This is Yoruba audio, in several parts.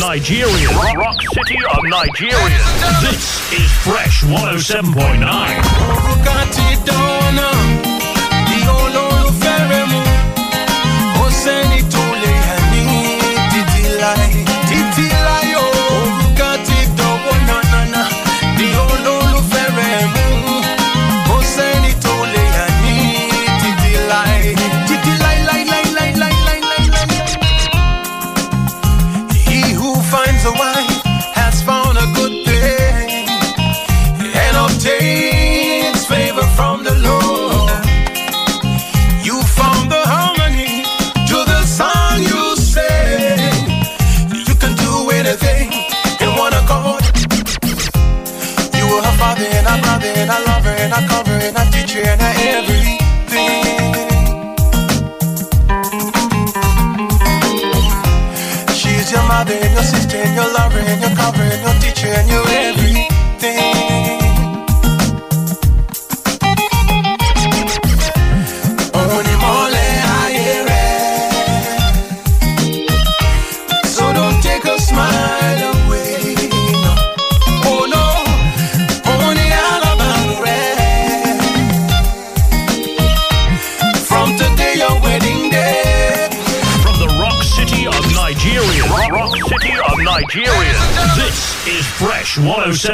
Nigeria. Rock, rock City of Nigeria. This is Fresh 107.9.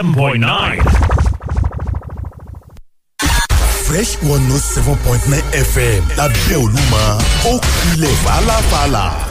107.9. Fresh one seven point nine FM oh lábẹ́ Olúmọ ó kulẹ̀ fàlàfàlà.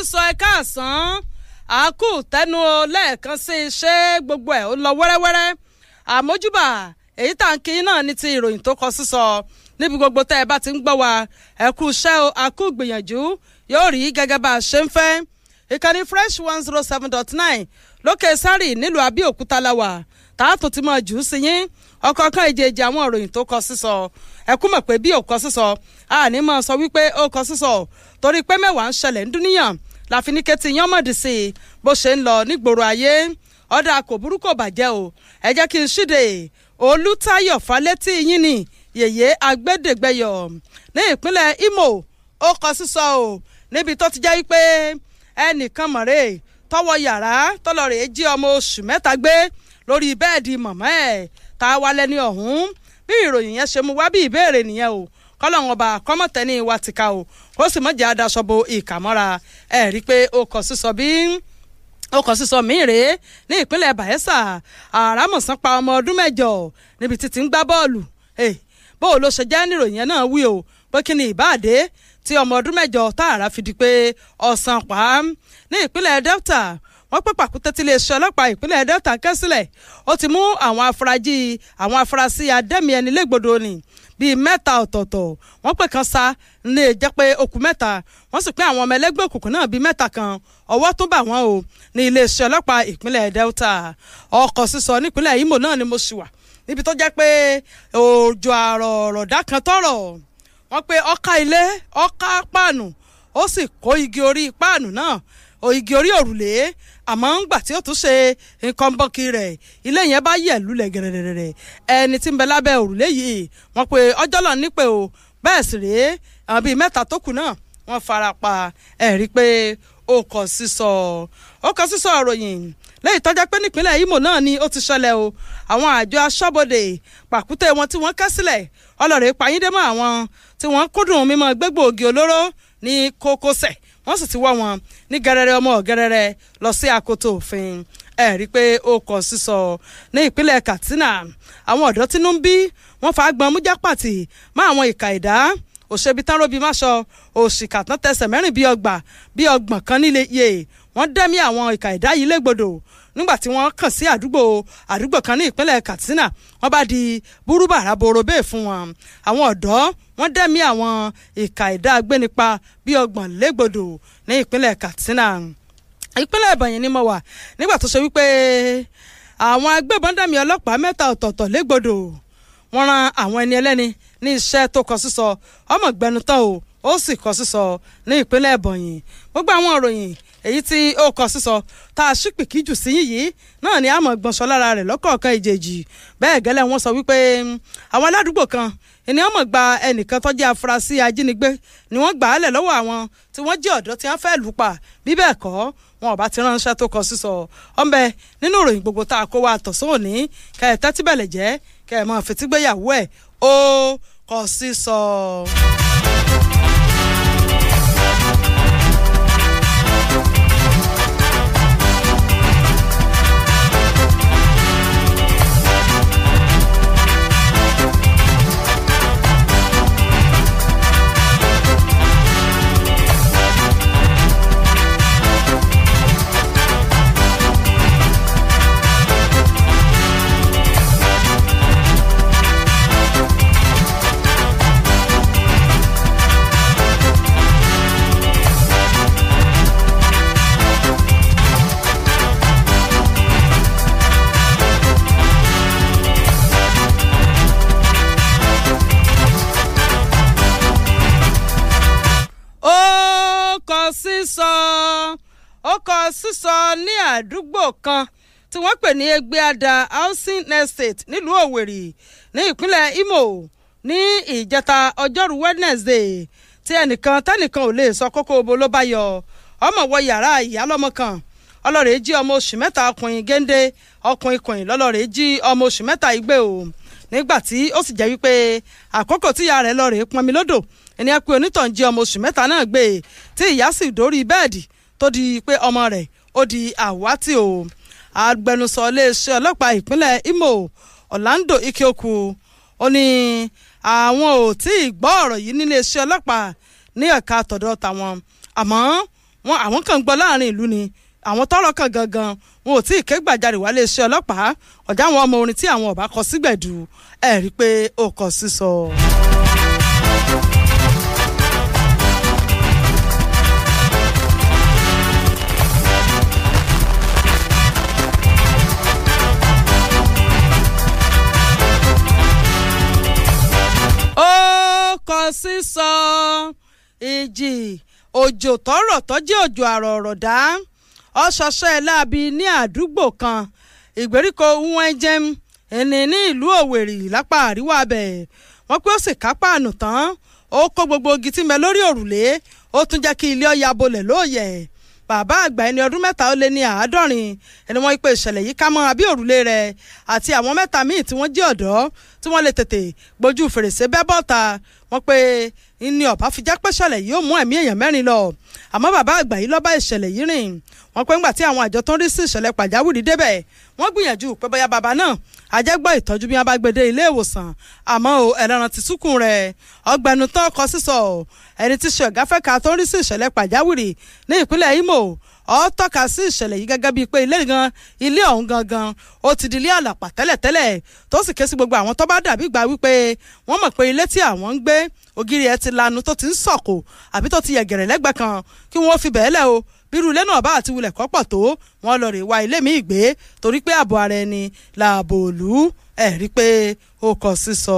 sísọ ẹ káàsán àákù tẹnu o lẹ́ẹ̀kan sí iṣẹ́ gbogbo ẹ̀ ó lọ wẹ́rẹ́wẹ́rẹ́ àmójúbà èyí tá à ń kí náà ní ti ìròyìn tó kọ sísọ níbi gbogbo tẹ́ ẹ bá ti ń gbọ́ wa ẹ kú o àkú gbìyànjú yóò rí gẹ́gẹ́ bá a ṣe ń fẹ́ ìkànnì fresh one zero seven dot nine lókè sárì nílùú àbíòkúta la tààtò ti máa jù ú sí yín ọkọọkan ìjẹjẹ àwọn ìròyìn tó kọ sísọ ẹ kú pé bí ò kọ sísọ àní máa sọ wípé ó kọ sísọ torí pé mẹ́wàá ń ṣẹlẹ̀ ń dúníyàn láfiníkẹ́tì yánmọ̀dì sí i bó ṣe ń lọ nígboro ayé ọ̀dà kò burúkú bàjẹ́ o ẹ jẹ́ kí n ṣíde olùtayọ̀ falẹ́tì yín ni yèyé agbẹ́dẹ́gbẹ́yọ̀ ní ìpínlẹ̀ imo ó kọ sísọ o níbi tó ti jẹ́ pé ẹnìkan mọ̀rẹ́ tọwọ́ yàrá tọlọ́rẹ̀ jí ọmọ oṣù mẹ́ta gbé lórí bẹ́ẹ̀dì mọ̀mọ́ ẹ̀ tá a wálẹ̀ ní ọ̀hún bí ìròyìn yẹn ṣe mú wá bí ìbéèrè nìyẹn o kọ́lọ́hún ọba kọ́mọ̀tẹ́ ní ìwà tìka o ó sì mọ̀jẹ̀ adaṣọ ìkàmọ́ra ẹ̀ rí i pé ó kọ̀ sísọ bí ó kọ̀ sísọ míì rèé ní ìpínlẹ̀ Bayelsa àràmọ̀sán pa ọmọ ọdún mẹ́jọ níbi títí ń gbá bọ́ọ̀lù bó ló ṣe jẹ́ níròyìn náà wí o pé kí ni ìbáàdé tí ọmọ ọdún mẹ́jọ tààrà fi di pé ọ̀sán pa á ní ìpínlẹ̀ Delta wọ́n pẹ́ pàkúté tí iléeṣẹ́ ọlọ́pàá ìpínlẹ̀ Delta kẹ́sílẹ̀ ó ti mú àwọn afurasí àwọn ẹni légbodò ni bíi mẹ́ta ọ̀tọ̀ọ̀tọ̀ wọ́n pè kan sa lè jẹ́ pé okùn mẹ́ta wọ́n sì pé àwọn ọmọ ẹlẹ́gbẹ́ òkùnkùn náà bíi mẹ́ta kan ọwọ́ tó bà wọ́n o ní iléeṣẹ́ ọlọ́pàá ìpínlẹ̀ Delta ọkọ̀ sísọ nípínlẹ̀ Imo náà ni mo sì wà níbi tó jẹ́ pé òjò àrọ̀ ọ̀rọ̀ dákan tọ̀rọ̀ wọ́n pé ọ̀ka ilé ọ̀ka páànù ó sì kó igi orí páànù náà igi orí òrùlé àmọ́ ńgbà tí ó tún ṣe nǹkan bọ́ọ̀kì rẹ̀ ilé yẹn bá yẹ̀ lulẹ̀ gẹ̀rẹ̀rẹ̀rẹ̀ ẹni tí ń bẹ lábẹ́ òrùlé yìí wọ́n pe ọjọ́ náà nípe o bẹ́ẹ̀ sì rèé àwọn bíi mẹ́ta tó kù náà wọ́n fara pa ẹ̀ rí i pé ó kọ sísọ ó kọ sísọ ìròyìn lẹ́yìn tọ́jà pé nípínlẹ̀ Imo náà ni ó ti ṣẹlẹ̀ o àwọn àjọ aṣọ́bodè pàkúté wọn tí wọ́n kẹ́ sílẹ̀ ọlọ́rẹ̀ pàyíndé mọ́ àwọn tí wọ́n kúndùn mímọ́ gbégbòogi olóró ní kókósẹ̀ wọ́n sì ti wọ́ wọn ní gẹrẹrẹ ọmọ gẹrẹrẹ lọ sí akoto òfin ẹ rí i pé ó kọ sísọ ní ìpínlẹ̀ katsina àwọn ọ̀dọ́ tínú ń bí wọ́n fa agbọn mújápàtì má àwọn ìka ìdá òṣèbí tán róbi máṣọ òṣìkà tán tẹsẹ̀ mẹ́rin bí ọgbà bí ọgbọ̀n kan nílé yè wọ́n dẹ́mi àwọn ìka ìdá yìí légbodò nígbà tí wọ́n kàn sí àdúgbò àdúgbò kan ní ìpínlẹ̀ Katsina wọ́n bá di burúbàrà borobé fún wọn àwọn ọ̀dọ́ wọ́n dẹ́mi àwọn ìka ìdá agbénipa bíi ọgbọ̀n légbodò ní ìpínlẹ̀ Katsina ìpínlẹ̀ Ebonyi ni mo wà nígbà tó ṣe wípé àwọn agbébọn dẹ́mi ọlọ́pàá mẹ́ta ọ̀tọ̀ọ̀tọ̀ légbodò wọ́n ran àwọn ẹni ẹlẹ́ni ní iṣẹ́ tó kọ sísọ ọmọ gbẹnutọ́ o ó sì kọ sísọ ní ìpínlẹ̀ Ebonyi gbogbo àwọn ìròyìn èyí tí ó kọ sísọ tá a ṣípìkì jù sí yìí náà ni a mọ̀ gbọ̀nsọ̀ lára rẹ̀ lọ́kọ̀ọ̀kan ìjèjì bẹ́ẹ̀ gẹ́lẹ́ wọn sọ wípé hmm, àwọn aládùúgbò kan ènìyàn mọ̀ gba ẹnìkan tó jẹ́ afurasí ajínigbé ni wọ́n gbà á lẹ̀ lọ́wọ́ àwọn tí wọ́n jẹ́ ọ̀dọ́ tí wọ́n fẹ́ lù pa bí bẹ́ẹ̀ kọ́ wọn ò bá ti ránṣẹ́ tó kọ sísọ ọ̀nbẹ nínú ìròyìn gbogbo tá a kó wa tọ̀ sóò ní kẹ́ ẹ̀ tẹ́tí bẹ̀lẹ̀ jẹ́ kẹ́ ẹ̀ mọ̀ fìtígbéyàwó ẹ̀ ó kọ sísọ. orúkọ sísọ ní àdúgbò kan tí wọ́n pè ní Egbeada housing estate nílùú Òwèrì ní ìpínlẹ̀ Imo ní ìjẹta ọjọ́rú Wednesday tí ẹnìkan tẹ́nìkan ò lè sọ kókó obo ló bá yọ ọmọ wọ yàrá ìyálọ́mọ kan ọlọ́rẹ̀ẹ́ jí ọmọ oṣù mẹ́ta ọkùnrin géńdé ọkùnrin kùnrin lọ́lọ́rẹ̀ẹ́ jí ọmọ oṣù mẹ́ta igbé o nígbà tí ó sì jẹ́ wípé àkókò tíya rẹ̀ lọ́rẹ̀ẹ́ pọnmi lódò ènìyàn pé onítàn jí ọmọ oṣù mẹ́ta náà gbé e, tí ìyá sì dórí bẹ́ẹ̀dì tó di pé ọmọ rẹ̀ ó di àwátì o agbẹnusọ iléeṣẹ́ ọlọ́pàá ìpínlẹ̀ Imo Orlando Ikeoku ó ní àwọn ò tí ì gbọ́ ọ̀rọ̀ yìí níléeṣẹ́ ọlọ́pàá ní ẹ̀ka tọ̀dọ̀ tàwọn àmọ́ wọn àwọn kan gbọ́ láàrin ìlú ni àwọn tọ́rọ̀ kan gangan wọn ò tí ì ké gbàjarè wálé iṣẹ́ ọlọ́pàá ọ̀já àwọn ọmọ orin tí àwọn ọba kọ sígbẹ̀dù ẹ̀ rí i pé ó kọ sísọ. kọ sísọ ìjì òjò tọrọ tọjẹ òjò àrọ ọrọ dá ọṣọṣọ ẹ ní àdúgbò kan ìgbèríko wẹjẹm ẹni ní ìlú òwèrì lápá àríwá abẹ wọn pé ó sì kápá ànù tán ó kó gbogbo igi tí ń bẹ lórí òrùlé ó tún jẹ́ kí ilé ọ̀ya bolẹ̀ lóòyẹ̀ bàbá àgbà ẹni ọdún mẹ́ta ó lé ní àádọ́rin ẹni wọ́n pe ìṣẹ̀lẹ̀ yìí ká mọ́ abí òrùlé rẹ̀ àti àwọn mẹ́ta míì tí wọ́n jẹ́ ọ̀dọ́ tí wọ́n lè tètè gbójú fèrèsé bẹ́ bọ́ta wọ́n pé ní ọ̀báfíjá pẹ́ṣẹ̀lẹ̀ yìí ó mú ẹ̀mí èèyàn mẹ́rin lọ àmọ́ bàbá àgbà yìí ló bá ìṣẹ̀lẹ̀ yìí rìn wọ́n pé ńgbà tí àwọn àjọ tó ń rí sí ìṣẹ̀lẹ̀ pàjáwìrì débẹ̀ wọ́n gbìyànjú pé bóyá bàbá náà ajẹ́gbọ́ ìtọ́jú bí wọ́n bá gbé dé ilé ìwòsàn àmọ́ o ẹ̀rọ̀ràn ti súnkùn rẹ̀ ọgbẹ́nu tán kọ sísọ ẹni tí ṣe ọ̀gáfẹ́ka tó ń rí sí ìṣẹ̀lẹ̀ pàjáwìrì ní ìpínlẹ̀ Imo ọ tọ́ka sí ìṣẹ̀lẹ̀ yìí gẹ́gẹ́ bíi pé ilé gan ilé ọ̀hún gangan ó ti di ilé àlàpà tẹ́lẹ̀tẹ́lẹ̀ tó sì ké sí gbogbo àwọn tó bá dàbí gbà wípé wọ́n mọ̀ pé ilé tí àwọn ń gbé ògiri ẹ̀ ti lanu tó ti ń sọ̀kò àbí tó ti yẹ̀gẹ̀rẹ̀ lẹ́gbẹ̀ẹ́ kan kí wọ́n fi bẹ́ẹ̀ lẹ̀ o bírú ilé náà bá àti wulẹ̀ kọ́pọ̀ tó wọn lọ rè wá ilé mi ìgbé torí pé ààbò ara ẹni làbò ẹ̀ rí pé ó kọ sísọ.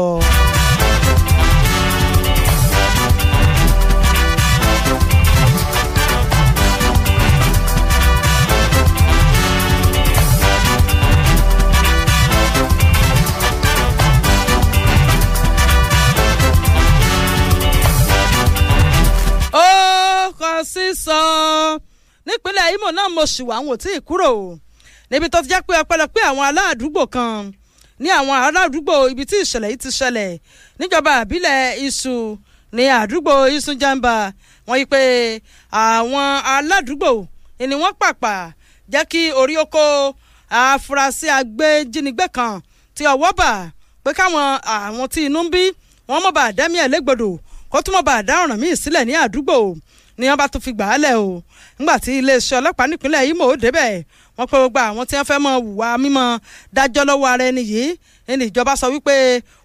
tóun náà mo ṣì wà àwọn ò tí ì kúrò níbi tó ti jẹ́ pé ọpẹ́lọpẹ́ àwọn aládùúgbò kan ní àwọn aládùúgbò ibi tí ìṣẹ̀lẹ̀ yìí ti ṣẹlẹ̀ níjọba àbílẹ̀ iṣu ní àdúgbò iṣu jàǹbá wọ́n yí pé àwọn aládùúgbò ni wọ́n pàpà jẹ́ kí orí oko afurasí agbẹ́jínigbé kan ti ọwọ́ bà pé káwọn àwọn tí inú ń bí wọ́n mọ̀ bá dẹ́mi ẹ̀ légbodò kó tún mọ̀ bá dá ọ̀ràn míì sílẹ̀ ní àdúgbò ni wọ́n bá tún fi gbà o nígbà tí iléeṣẹ́ ọlọ́pàá nípínlẹ̀ Imo débẹ̀ wọ́n pé gbogbo àwọn tí wọ́n fẹ́ mọ wùwà mímọ dájọ́ lọ́wọ́ ara ẹni yìí ẹni ìjọba sọ wípé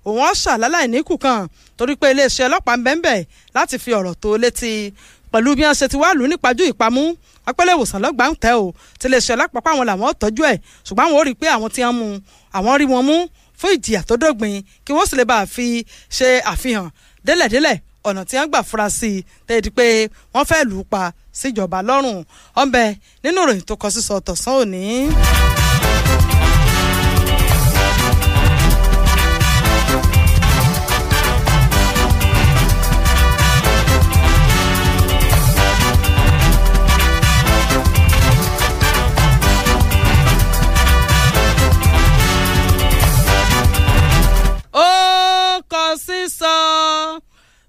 òun ọ̀ṣà láláì ní kù kan torí pé iléeṣẹ́ ọlọ́pàá ń bẹ́ńbẹ̀ láti fi ọ̀rọ̀ tó létí pẹ̀lú bí wọ́n ṣe ti wá lù nípajú ìpamú apẹ́lẹ́ ìwòsàn lọ́gbà ń tẹ́ o ti lè ṣe ọlọ́pàá àwọn làwọn tọ́jú ẹ̀ ṣùgbọ́n àwọn ò rí i pé àwọn ti ń mú àwọn rí wọn mú fún ìjìyà tó dógbin kí wọ́n sì lè bá a fi ṣe àfihàn délẹ̀délẹ̀ ọ̀nà tí wọ́n gbà fura sí i tẹ́tí pé wọ́n fẹ́ lù ú pa síjọba lọ́rùn ọ̀nbẹ nínú ìròyìn tó kọ sísọ tọ̀sán òní.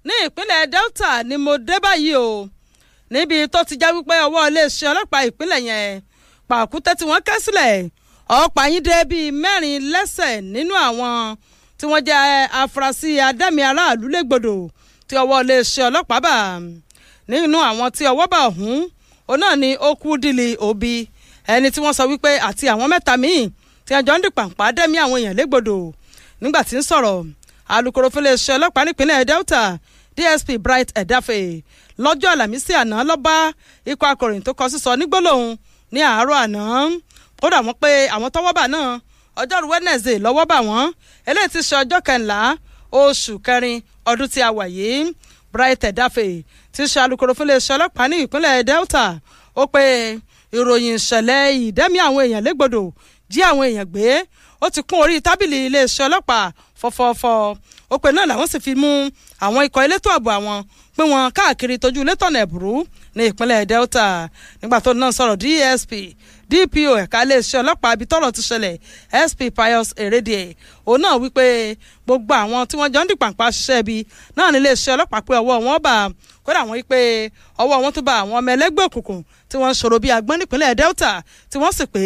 ní ìpínlẹ̀ delta ni mo dé báyìí o níbi tó ti já wípé ọwọ́ iléeṣẹ́ ọlọ́pàá ìpínlẹ̀ yẹn pàkúté tí wọ́n kẹ́ sílẹ̀ ọ̀pá yín dé bíi mẹ́rin lẹ́sẹ̀ nínú àwọn tí wọ́n jẹ́ afurasí adẹ́mi aráàlú légbodò tí ọwọ́ iléeṣẹ́ ọlọ́pàá bà nínú àwọn tí ọwọ́ bà ọ̀hún òun náà ni ó kú dìlì òbí ẹni tí wọ́n sọ wípé àti àwọn mẹ́ta míì tí ẹjọ́ ń dìpàǹpá dẹ́mi àwọn èèyàn légbodò nígbà tí ń sọ̀rọ̀ alūkkóró fúnléeṣẹ́ ọlọ́pàá nípínlẹ̀ delta dsp bright Edafe, lọ́jọ́ àlàmísì àná lọ́ba ikọ̀ akọ̀ròyìn tó kọ sísọ nígbólóhùn ní àárọ̀ àná kódà wọ́n pé àwọn tọ́wọ́ bà náà ọjọ́rú wednesday lọ́wọ́ bà wọ́n eléyìí ti ṣe ọjọ́ kẹńlá oṣù kẹrin ọdún tí a wà yìí bright Edafe, ti ṣe alukoro fún iléeṣẹ́ ọlọ́pàá ní ìpínlẹ̀ delta ó pé ìròyìn ìṣẹ̀lẹ̀ ìdẹ́mi àwọn èèyàn légbodò jí àwọn èèyàn gbé ó ti kún orí tábìlì iléeṣẹ́ ọlọ́pàá fọfọfọ ó pe náà làwọn sì fi mú àwọn ikọ̀ elétò ààbò àwọn pé wọn káàkiri tójú létọ̀nà ẹ̀bùrú ní ìpínlẹ̀ delta nígbà tó náà sọ̀rọ̀ dsp dpo ẹ̀ka iléeṣẹ́ ọlọ́pàá ibi tọ́rọ̀ ti ṣẹlẹ̀ sp pius erédìẹ òun náà wípé gbogbo àwọn tí wọ́n jọ ń dìpàǹpà ṣiṣẹ́ ibi náà ní iléeṣẹ́ ọlọ́pàá pé ọwọ́ wọn bá kódà wọn wípé ọwọ́ wọn tó bá àwọn ọmọ ẹlẹ́gbẹ́ òkùnkùn tí wọ́n ṣòro bíi agbọ́n nípínlẹ̀ delta tí wọ́n sì pé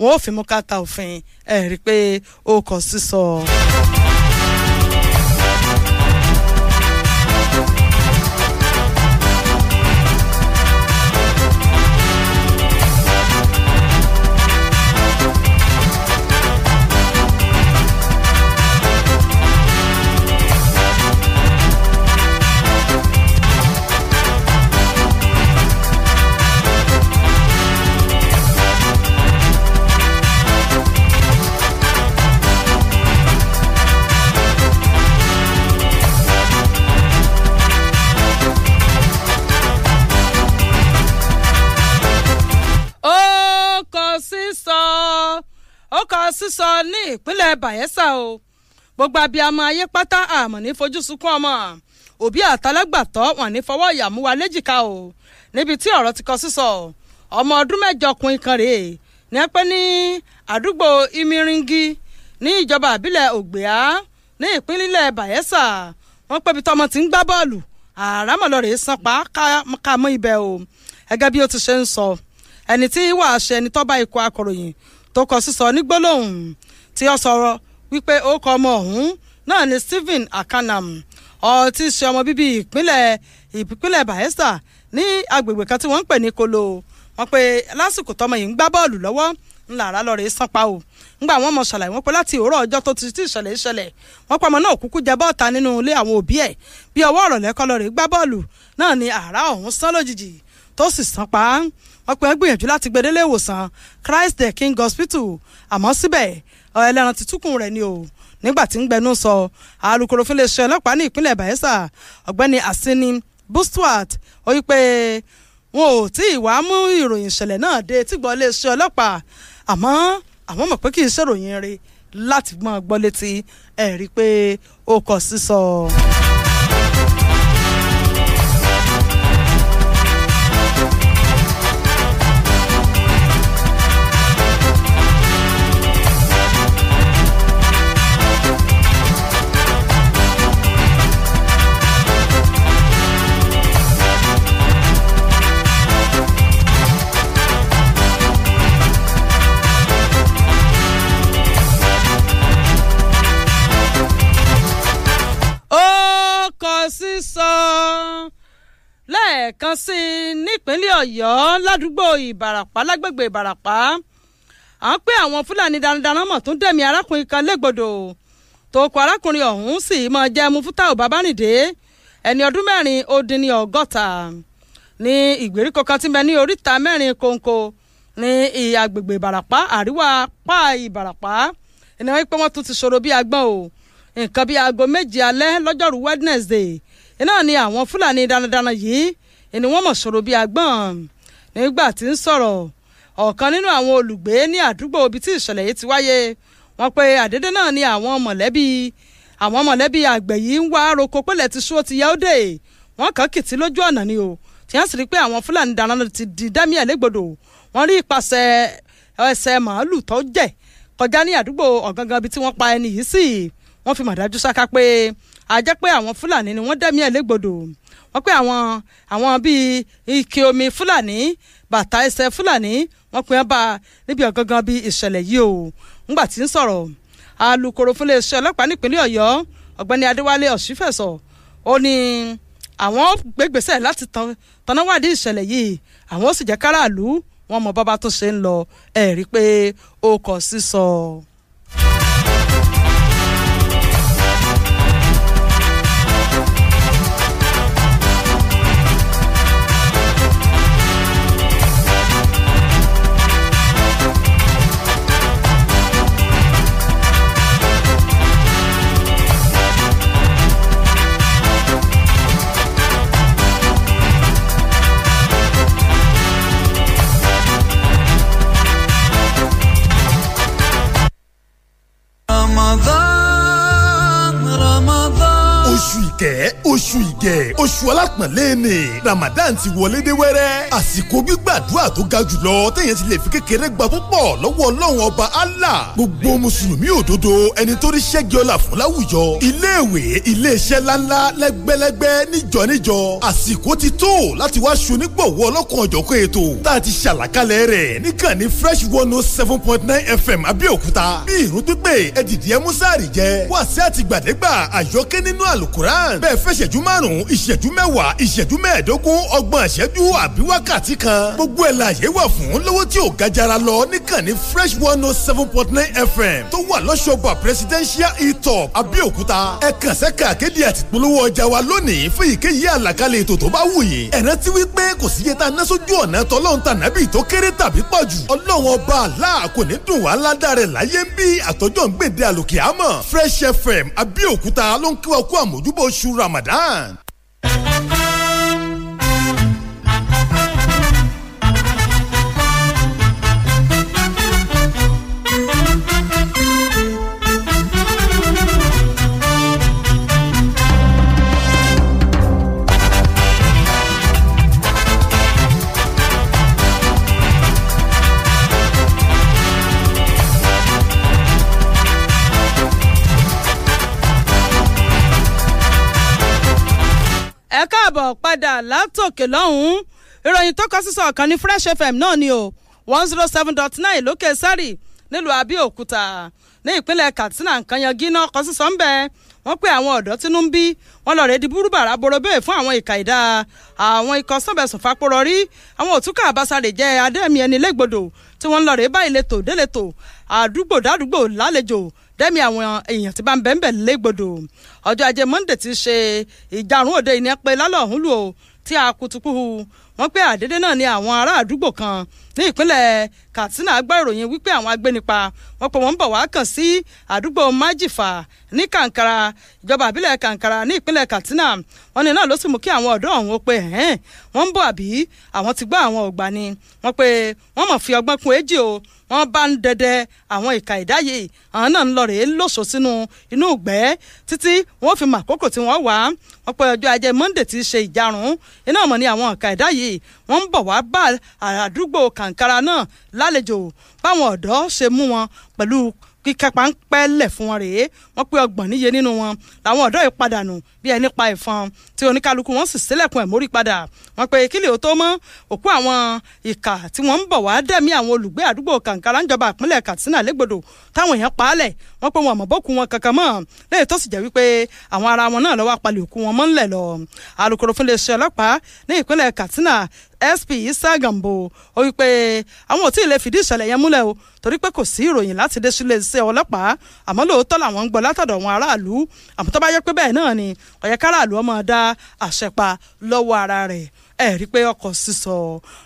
wọn ò fi mú kàtà òfin ẹ̀rí pé ó kọ̀ sísọ. ó kọ sísọ ní ìpínlẹ̀ bayelsa o gbogbo abiyamọ ayé pátá àmọ̀ ní fojú sunkún ọmọ òbí àtàlágbàtọ́ wọn ní fọwọ́ ìyàmú wa léjìká o níbi tí ọ̀rọ̀ ti kọ sísọ ọmọ ọdún mẹ́jọ ọkùnrin kan rèé ní ẹ pé ní àdúgbò imiringi ní ìjọba àbílẹ̀ ògbéá ní ìpínlẹ̀ bayelsa wọn pẹ́bi tọmọ ti ń gbá bọ́ọ̀lù àràmọ̀lọ́rẹ̀ sanpa ká mọ́ ibẹ̀ o gẹ́gẹ́ bí ó ti ṣe ń sọ ẹni tí wàá ṣe ẹni tọ́ bá ikọ̀ akọ̀ròyìn tó kọ sísọ nígbólóhùn tí ó sọ̀rọ̀ wípé ó kọ ọmọ ọ̀hún náà ni stephen akanam ọtí ṣe ọmọ bíbí ìpínlẹ̀ ìpínlẹ̀ bayelsa ní agbègbè kan tí wọ́n ń pè ní kolo wọ́n pe lásìkò tọmọ yìí ń gbá bọ́ọ̀lù lọ́wọ́ ńlá ara lọ́ọ́ rẹ̀ sánpa o ńgbà wọn mọ ṣàlàyé wọn pé láti òwúrọ̀ ọjọ́ tó ti tí ìṣẹ̀lẹ̀ ìṣẹ̀lẹ̀ wọn pa ọmọ náà kúkú jẹ bọ́ọ̀ta nínú ilé àwọn òbí ẹ̀ bí ọwọ́ ọ̀rọ̀ lẹ́kọ́ gbá bọ́ọ̀lù náà ni àárá ọ̀hún sán lójijì tó sì san pa á wọ́n pẹ́ gbìyànjú láti gbé ìwòsàn Christ the King Hospital àmọ́ síbẹ̀ ẹlẹ́ran ti túkùn rẹ̀ ni o nígbà tí ń gbẹnu sọ alukoro fún iléeṣẹ́ ọlọ́pàá ní ìpínlẹ̀ Bayelsa ọ̀gbẹ́ni Asini Bustwart ó yí pé wọn ò tí ì wá mú ìròyìn ìṣẹ̀lẹ̀ náà dé tí gbọ́ iléeṣẹ́ ọlọ́pàá àmọ́ àwọn mọ̀ pé kì í ṣèròyìn rẹ̀ láti máa gbọ́ létí ẹ̀rí pé ó kọ sísọ. sísọ lẹ́ẹ̀kan sí i nípínlẹ̀ ọ̀yọ́ ládùúgbò ìbàràpá lágbègbè ìbàràpá à ń pé àwọn fúlàní darandaran mọ̀ tún dẹ̀mí arákùnrin kan légbodò tòkò arákùnrin ọ̀hún sì mọ̀ jẹ́ mufutau babanide ẹni ọdún mẹ́rin ó dín ní ọgọ́ta ní ìgbèríko kan tí ń bẹ ní oríta mẹ́rin kòǹkò ní ìyá agbègbè ìbàràpá àríwá pa ìbàràpá ìnáwó pé wọ́n tún ti ṣòro bí agbọ́n o nǹkan bíi aago méje alẹ́ lọ́jọ́rú Wednesday iná ni àwọn Fúlàní darandaran yìí ni wọ́n mọ̀ sọ̀rọ̀ bíi agbọ́n nígbà tí ń sọ̀rọ̀ ọ̀kan nínú àwọn olùgbé ní àdúgbò ibi tí ìṣẹ̀lẹ̀ yìí ti wáyé wọ́n pe àdédé náà ni àwọn mọ̀lẹ́bí àwọn mọ̀lẹ́bí àgbẹ̀ yìí ń wá roko pẹ̀lẹ́ ti ṣó ti yá ó dé wọ́n kàn kìtì lójú ọ̀nà ni o tí wọ́n sì rí pé àwọn Fúlàní darandaran ti di dẹ́mi ẹ̀ légbodò wọ́n rí ipasẹ̀ ẹsẹ̀ màálù tó jẹ̀ kọjá ní àdúgbò ọ̀gangan ibi tí wọ́n pa ẹni yìí sí wọ́n fi mọ̀dájú sáká pé a jẹ́ pé àwọn fúlàní ni wọ́n dẹ́mi ẹ̀ légbodò wọ́n pé àwọn àwọn bíi ike omi fúlàní bàtà ẹsẹ̀ fúlàní wọ́n pè é bá níbi ọ̀gangan bíi ìṣẹ̀lẹ̀ yìí o ńgbà tí ń sọ̀rọ̀ alūkkóró fún iléeṣẹ́ ọlọ́pàá nípínlẹ̀ ọ̀yọ́ ọ̀gbẹ́ni adéwálé ọ̀ṣífẹ̀sọ ó ní àwọn gbégbèsè láti tanáwádìí ìṣẹ̀lẹ̀ yìí àwọn ó sì jẹ́ káràlú wọn mọ bàbá tó ṣe ń lọ ẹ̀rí pé ó kọ sísọ. So. ìkẹ́ oṣù ìgẹ̀ oṣù alápọ̀nlé ni Ramadan ti wọlé dé wẹ́rẹ́ àsìkò gbígbàdúrà tó ga jùlọ téèyàn ti lè fi kékeré gba púpọ̀ lọ́wọ́ ọlọ́run ọba Allah gbogbo mùsùlùmí òdodo ẹni tó rí ṣẹ́gi ọlá fún láwùjọ iléèwé iléeṣẹ́ ńláńlá lẹ́gbẹ́lẹ́gbẹ́ níjọ níjọ àsìkò ti tó láti wá ṣonígbọ̀wọ́ ọlọ́kan ọ̀jọ̀kan ètò tá a ti ṣàlàkalẹ̀ rẹ̀ níkànnì fresh one oh seven point nine fm abẹ́òkúta bí ìrún pípé ẹ̀dìdì ẹ̀músàrì jẹ́ wàásù àtìgbàdégbà àyọkẹ́ nínú àlùkùrán one bẹ́ẹ̀ fẹ́ ìṣẹ́jú márùn-ún ìṣẹ́jú mẹ́wàá ìṣẹ́jú mẹ́ẹ̀ẹ́dógún ọgbọ̀n ìṣẹ́jú àbí wákàtí kan gbogbo ẹ̀ la yẹ wà fún lówó tí ò ga jara lọ níkànnì fresh one oh seven point nine fm tó wà lọ́sọ̀gbà presidential etop abẹ́òkúta ẹ kàn sẹ́ka akéde àti polówó ọjà wa lónìí fún ìkéyìí àlàkalẹ̀ ètò tó bá wù yín ẹ̀rántí wípé kò sí iye tá a ná sójú ọ̀nà tọ́lọ́run tànábì tó kéré tàbí pọ̀ jù kò ní fresh fm abẹ́òkúta ló ń kí wa oṣù Ramadan. padà látòkè lọ́hùn-ún ìròyìn tó kọ sísọ ọ̀kan ní fresh fm náà ni o one zero seven dot nine lókè sárì nílùú àbíòkúta ní ìpínlẹ̀ katsina nǹkan yangi náà kọ sísọ ń bẹ wọ́n pé àwọn ọ̀dọ́ tínú ń bí wọ́n lọ́ọ́ rẹ̀ di búrúbàrà borobé fún àwọn ìka ìdá àwọn ikọ̀ sọ̀bẹ̀sùn fapò rọrí àwọn òtúkà àbáṣarè jẹ́ adẹ́mi ẹni lẹ́gbọ̀dọ̀ tí wọ́n ń lọ́ọ́ rẹ̀ báyìí lẹ́tò délẹ́tò àdúgbò dádúgbò lálejò dẹ́mi àwọn èèyàn ti bá ń bẹ́ńbẹ́ légbodò ọjọ́ ajé monde ti ṣe ìjarun òde ìní pé lọ́lọ́hún lù ó tí a kutukuhu wọ́n pé àdédé náà ni àwọn ará àdúgbò kan ní ìpínlẹ̀ Katsina gbọ́ ìròyìn wípé àwọn agbẹnipa wọ́n pọ̀ wọ́n ń wá kàn sí àdúgbò Májìfà ní Kankara ìjọba àbílẹ̀ Kankara ní ìpínlẹ̀ Katsina wọ́n ní náà ló sì mú kí àwọn ọ̀dọ́ ọ̀hún ó pé ẹ̀hẹ́n wọ́n ń bọ̀ àbí àwọn ti gbọ́ àwọn ọ̀gbà ni wọ́n pé wọ́n mọ̀ fi ọgbọ́n kun èjì o wọ́n bá ń dẹdẹ àwọn ìka ìdáyè àwọn náà ń lọ rèé lóṣò sínú inú ìgbẹ́ títí wọ́n fi mọ àkókò tí wọ́n wà ọpẹ́ ọjọ́ ajé monde tí í ṣe ìjarun iná ọmọ ni àwọn ọ̀ka ẹ̀dá yìí wọ́n ń bọ̀ wá bá àdúgbò kàǹkara náà lálejò báwọn ọ̀dọ́ ṣe mú wọn pẹ̀lú kíkẹ́ páńpẹ́ lẹ̀ fún wọn rèé wọ́n pé ọgbọ̀n níye nínú wọn làwọn ọ̀dọ́ yìí padànù bí ẹni pa ìfọn tí oníkálukú wọn sì sílẹ̀kùn ẹ̀ mórí padà wọ́n pé kílè ó tó mọ́ òkú àwọn ìkà tí wọ́n ń bọ̀ wá dẹ̀mí àwọn olùgbé àdúgbò kàǹkàrà ńjọba ìpínlẹ̀ Katsina lẹ́gbọ̀dọ̀ táwọn èèyàn pa á lẹ̀ wọ́n pé wọn àmọ̀bọ́kù wọn kankan mọ́ lẹ́yìn tó sì jẹ́ wípé àwọn ara wọn náà lọ́wọ́ apalẹ̀ òkú wọn mọ́ ńlẹ̀ lọ alukoro fún iléeṣẹ́ ọlọ́pàá ní ìpínlẹ̀ Katsina sp isa gambo ó wí pé àwọn ò tí ì lè fìdí ìṣẹ̀lẹ̀ yẹn múlẹ̀ o torí pé kò sí ìròyìn láti dé sílé iṣẹ́ ọlọ́pàá àmọ́ lóòótọ́ làwọn ń gbọ́ látọ̀dọ̀ àwọn aráàlú àmọ́ tó bá yẹ pé bẹ́ẹ̀ náà ni ó yẹ káràlú ọmọ dá àṣẹpa lọ́wọ́ ara rẹ̀ ẹ̀ rí pé ọkọ̀ sísọ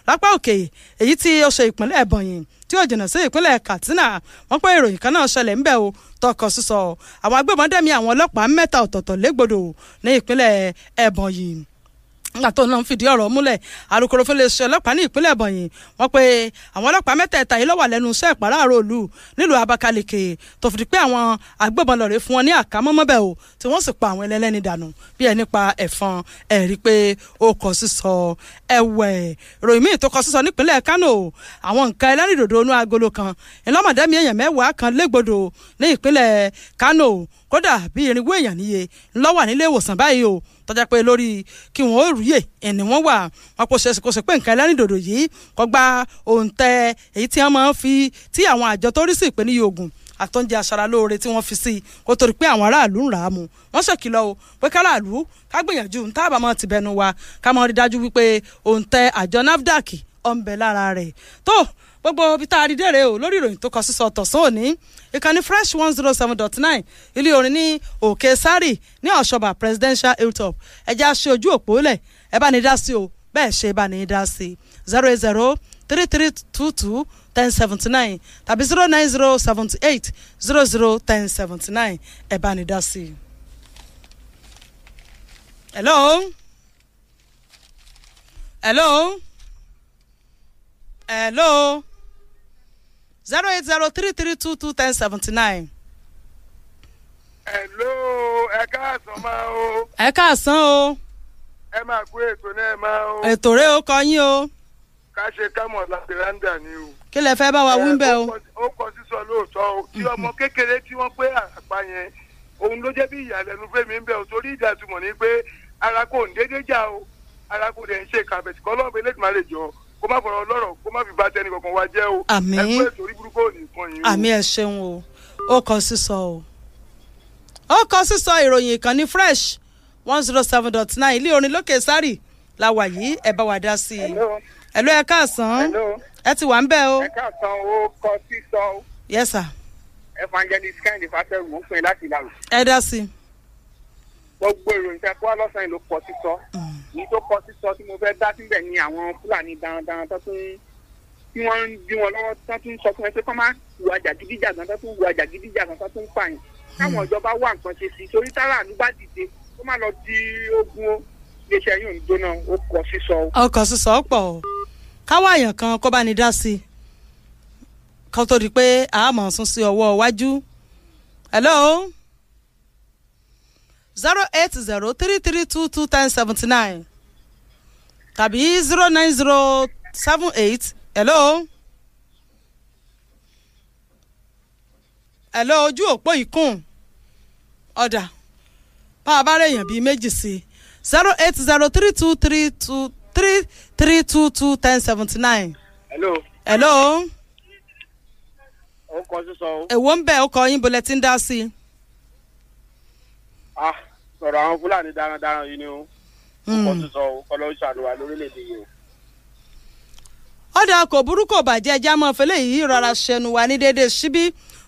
lápá òkè èyí tí ó ṣe ìpínlẹ̀ Ebonyi tí ó jìnnà sí ìpínlẹ̀ Katsina wọ́n pé ìròyìn kan náà ṣẹlẹ̀ ńbẹ̀ o tọkọ̀ sísọ àwọn agbébọn dẹ́mi àwọn ọlọ́pàá mẹ́ta ọ̀tọ̀ọ̀tọ̀ légbodò ní ìpínlẹ̀ Ebonyi nígbà tó náà ń fìdí ọ̀rọ̀ múlẹ̀ alūkkóró fúnléeṣẹ́ ọlọ́pàá ní ìpínlẹ̀ Ebonyi wọ́n pe àwọn ọlọ́pàá mẹ́tẹ̀ẹ̀ta yìí ló lẹ́nu iṣẹ́ ìpàráàrò òlu nílùú Abakaliki tó fi pé àwọn agbébọn lọ́ọ̀rẹ́ fún wọn ní àkámọ́ mọ́bẹ̀ o tí wọ́n sì pa àwọn ẹlẹ́lẹ́ni dànù bí ẹ nípa ẹ̀fọn ẹ̀ pé ó kọ sísọ ẹ̀wẹ̀ ròyìn míì tó kódà bí irinwó èèyàn níye ńlọ́wà nílé ìwòsàn báyìí o tọ́já pé lórí kí wọ́n ó ẹni wọ́n wà wọn kò ṣẹ̀ṣẹ̀ kò ṣe pé nǹkan ẹlẹ́rìndòdò yìí kò gba òǹtẹ̀ èyí tí wọ́n máa ń fi tí àwọn àjọ tó rí sí ìpèníyà oògùn àtọ́njẹ aṣaralóore tí wọ́n fi sí i kó torí pé àwọn aráàlú ń rà á mu wọ́n ṣèkìlọ̀ o pé káràlú ká gbìyànjú ń tábà máa ti bẹnu wa ká máa rí dájú wípé òǹtẹ̀ àjọ NAFDAC ọ̀ ń bẹ lára rẹ̀ tó gbogbo ibi tá a rí dèrè o lórí ìròyìn tó kọ sísọ tọ̀sán òní ìkànnì fresh one zero oh seven dot nine ilé orin ní òkè sárì ní ọ̀ṣọ́bà presidential hilltop ẹ̀já ṣe ojú òpó lẹ̀ ẹ bá ní dá sí o bẹ́ẹ̀ ṣe bá ní dá sí zero eight zero three three two two ten seventy nine tàbí zero nine zero seventy eight zero zero ten seventy nine ẹ bá ní dá sí. hello hello hello zero eight zero three three two two ten seventy nine. hello ẹ káàsán máa o. ẹ káàsán o. ẹ máa kú ètò náà máa o. ètò rẹ ó kọ yín o. ká ṣe kámọ̀ láti rándà ni o. kí lẹ fẹ́ bá wa wí bẹ́ẹ̀ o. ó kọ sísọ lóòótọ́ o kí mhm. ọmọ kékeré tí wọ́n pé àpá yẹn òun ló jẹ́ bí ìyàlẹ́nu fẹ́mi ń bẹ̀ o torí ìdàtúmọ̀ ni pé ara kò ń déédéé jà o ara kò dẹ̀ ń ṣe kàbẹ̀tì kọ́ lọ́ọ̀bẹ lẹ́gbẹ̀ẹ́ kó má fọ̀rọ̀ ọlọ́rọ̀ kó má fi bá tẹ́ni kankan wá jẹ́ o ẹgbẹ́ torí burúkú ò ní kan yìí o. àmì ẹ ṣeun o ó kọ sísọ o ó kọ sísọ ìròyìn ìkànnì fresh one zero oh seven dot nine ilé orin lókè sárì la wà yìí ẹ bá wa dá sí i ẹ̀lú ẹ káàsán ẹ ti wà ń bẹ́ o. ẹ káàsán ó kọ sísọ o. yes sir. evangelist kẹ́hìndé fásẹ́rù mò ń pè láti ìlànà. ẹ dá sí i. gbogbo ìròyìn tẹ kó wá lọ́sàn-án ló kọ sísọ. Mm èyí tó kọ sísọ tí mo fẹ́ dá síbẹ̀ ni àwọn fúlàní darandaran tó tún tí wọ́n ń bí wọn lọ́wọ́ tó tún sọ fún ẹ pé kọ́ má wù àjàgídíjà kan tó tún wù àjàgídíjà kan tó tún pààyàn táwọn ìjọba wà nǹkan ṣe sí torí táráàlú bá dìde kó má lọ di ogun o iléeṣẹ́ yóò ń jóná ó kọ sísọ o. ọkọ̀ sísọ pọ̀ o àyàn kan kó bá ní dá sí i kan tó di pé àmọ̀ sún sí ọwọ́ iwájú. hello zero eight zero three three two two ten seventy nine tàbí zero nine zero seven eight hello. hello ojú òpó ìkún ọ̀dà bá a bá rèèyàn bíi méjì sí i zero eight zero three two three two three three two two ten seventy nine. hello. hello. ó kọ sísọ o. èwo ń bẹ ọkọ yín bọ́lẹ̀ ń dá sí i. ah ọ̀rọ̀ àwọn fúlàní darandaran yìí ni ó kọ́ hmm. sísọ kọ́lọ́ ṣàlùwà lórílẹ̀‐èdè yìí o. ọ̀dà kò burú kò bàjẹ́ ẹja mọ́ fẹlẹ́ yìí rọra ṣẹnu wa ní déédéé síbí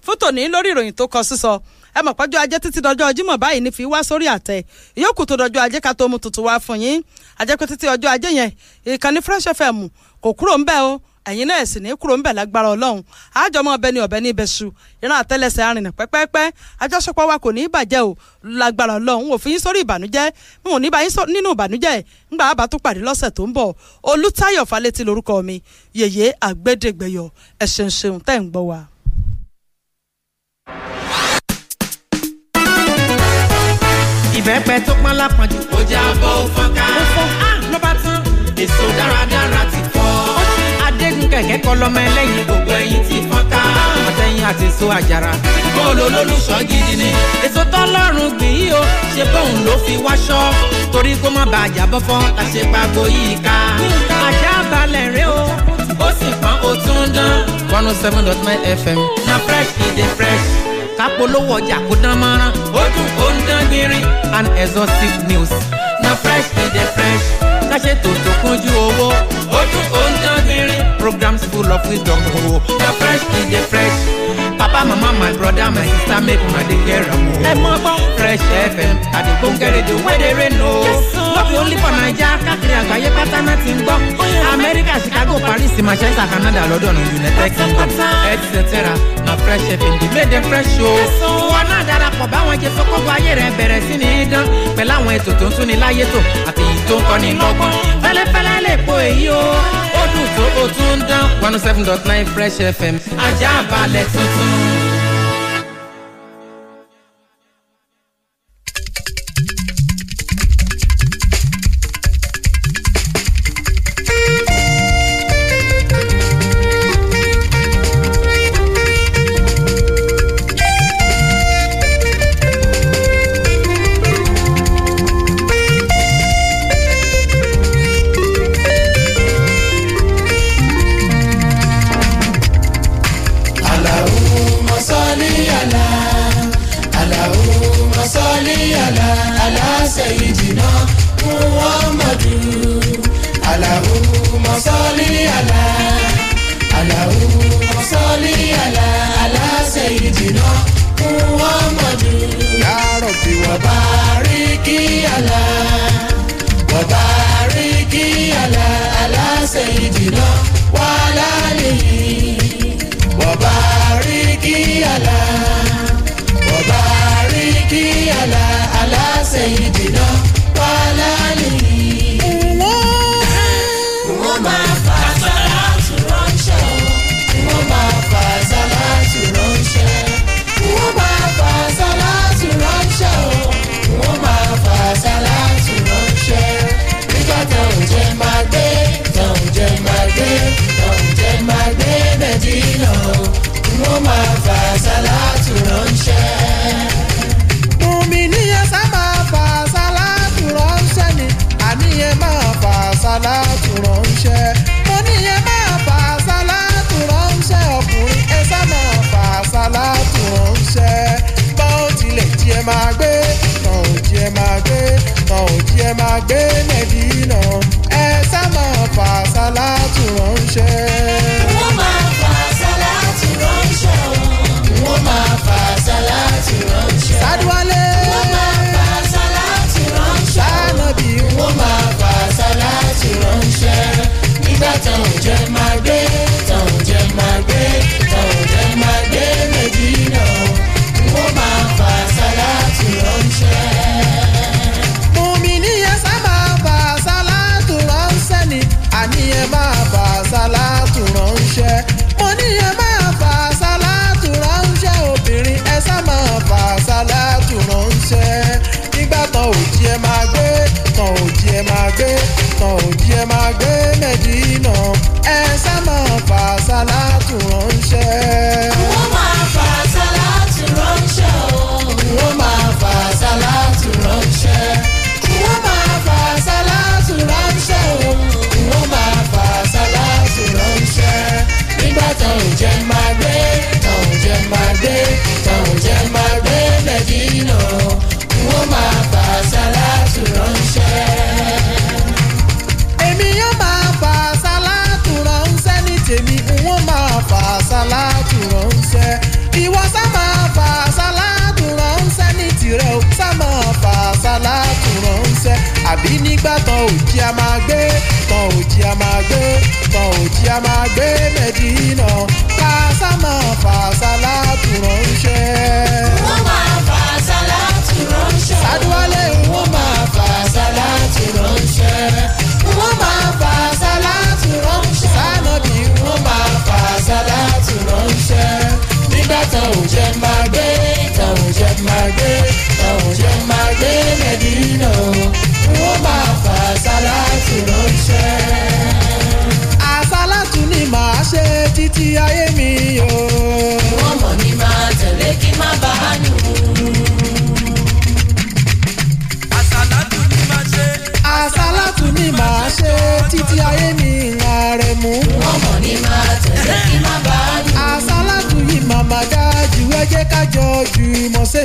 fún tòní lórí ìròyìn tó kọ sísọ ẹ mọ̀ pẹ́jọ́ ajé títí dọjọ́ Jímọ̀ báyìí ní fi wá sórí àtẹ ìyókù tó dọjọ́ ajé ká tó mu tuntun wá fún yín ajẹ́ pé títí ọjọ́ ajé yẹn ìkànnì Fresh FM kò kúrò ń bẹ́ẹ̀ o ẹ̀yin náà sì ní kúrò ńbẹ̀ lágbára ọlọ́run àjọmọ́ ọbẹ̀ ni ọbẹ̀ ní ibẹ̀ su ìran àtẹlẹsẹ̀ arìnrìn pẹ́pẹ́pẹ́ àjọṣepọ̀ wa kò ní í bàjẹ́ o lágbára ọlọ́run òfin yín sórí ìbànújẹ́ n ò ní bá yín nínú ìbànújẹ́ ńgbà àbá tó pàdé lọ́sẹ̀ tó ń bọ̀ olùtayọ̀ falẹ́tì lórúkọ mi yèyé àgbẹ̀dẹ̀gbẹ̀yọ̀ ẹ̀ṣẹ̀ ṣeun tẹ́ ń gbọ́ wa. ìbẹ́pẹ tó pọ́n lápọ̀jù. ó já bọ́ ó ó fọ́n ah, ló bá tán. èso dáradára ti f kẹ̀kẹ́ kọ́ lọ́mọ ẹlẹ́yin gbogbo ẹyin ti fọ́n àtẹ̀yìn àti so àjàrà. bóòlù olólùṣọ́ gidi ni. èso tọ́lọ́run gbìn yìí o ṣe bóun ló fi wáṣọ torí kó má bàa jábọ́ fọ́n la ṣe yìí ká. àṣà balẹ̀ rẹ o ó sì pọ́n ó tún dán. one oh seven dot nine fm na fresh e dey fresh. kápolówó ọjà kó dán mọ́rán ó dùn ó ń dán gbinrin and exhaustive news na fresh e dey fresh ká ṣètò tó kúnjú owó. ojú òun tán bìnrin. programs full of wisdom o. the fresh is the fresh. papa mama my brother my sister make una dey care am o. ẹ mọ gbọ́ fresh fm àdìgbòǹkẹ́ rédíò wẹ́ẹ́dẹ̀rẹ́ nù. no be only for naija káàkiri àgbáyé pátá náà ti ń gbọ́. Oh, america chicago paris manchester canada london united kingdom etc na fresh fm dey make dem fresh o. wọn náà darapọ̀ báwọn ṣe fọ́kọ́ bọ ayé rẹ̀ bẹ̀rẹ̀ sí ní í dán pẹ̀lú àwọn ètò tó ń súnni láyé tó àti tó kọ́ni lọ́gbọ́n fẹ́lẹ́fẹ́lẹ́ lè po èyí o ó dùn tó o tún ń dán one oh seven dot nine fresh fm ajá balẹ̀ tuntun. سيدنا محمد اللهم صل على اللهم صل على على سيدنا محمد يا رب وبارك على وبارك على على سيدنا وعلى آله وبارك على سيدنا وعلى آله wọ́n máa fà sálátù ránṣẹ́ o wọ́n máa fà sálátù ránṣẹ́ wọ́n máa fà sálátù ránṣẹ́ o wọ́n máa fà sálátù ránṣẹ́ nígbà táwọn jẹ máa gbé táwọn jẹ máa gbé táwọn jẹ máa gbé mẹ́dínà wọ́n máa fà sálátù. sàlátù ránṣẹ́. mo ní ẹ máa fà sàlátù ránṣẹ́ ọkùnrin ẹ sá máa fà sàlátù ránṣẹ́. bá ó tilẹ̀ jí ẹ máa gbé náà ò jí ẹ máa gbé náà ò jí ẹ máa gbé nẹ̀bí náà ẹ sá máa fà sàlátù ránṣẹ́. wọ́n máa fà sàlátù ránṣẹ́ o wọ́n máa fà sàlátù ránṣẹ́. sádùwálé. wọ́n máa fà sàlátù ránṣẹ́ o. sáà ránṣẹ́ nígbà táwọn jẹ máa gbé táwọn jẹ máa gbé táwọn jẹ máa gbé méjì náà wọ́n máa fa sálátù ránṣẹ́. mùmí ni àníyẹn máa fa sálátù ránṣẹ́ mo níyẹn máa fa sálátù ránṣẹ́ obìnrin ẹ sá máa fa sálátù ránṣẹ́ nígbà tán ò jí ẹ máa ẹ máa gbé mẹ́jìnà ẹ sá máa fà sálátù ránṣẹ́. wọ́n máa fà sálátù ránṣẹ́ o. wọ́n máa fà sálátù ránṣẹ́. wọ́n máa fà sálátù ránṣẹ́ o. wọ́n máa fà sálátù ránṣẹ́. nígbà tó ń jẹ́ máa gbé tó ń jẹ́ máa gbé. sàlátù ránṣẹ́ ìwọ sá máa fà sàlátù ránṣẹ́ ní tirẹ̀ o sá máa fà sàlátù ránṣẹ́ àbí nígbà tán òjì a máa gbé tán òjì a máa gbé tán òjì a máa gbé mẹ́dínà ká sá fà sàlátù ránṣẹ́. wọ́n máa fà sàlátù ránṣẹ́. sádúwálé wọ́n máa fà sàlátù ránṣẹ́. wọ́n máa fà sàlátù ránṣẹ́. sánà bí wọ́n máa. Sàdáàtì ránṣẹ́ nígbà táwọn jẹ́ máa gbé táwọn jẹ́ máa gbé táwọn jẹ́ máa gbé mẹ́dínà wọ́n máa fà Sàdáàtì ránṣẹ́. àsálàtù ni màá ṣe títí ayé mi o. wọ́n mọ̀ ní máa tẹ̀lé kí má bàa nù. ni màá ṣe títí ayé mi ìlà rẹ̀ mú. ọmọ ni màá tẹ̀lé kí má bàa lù. àṣà aládùn màmá dájú ẹ jẹ́ ká jọ jùmọ̀ ṣe.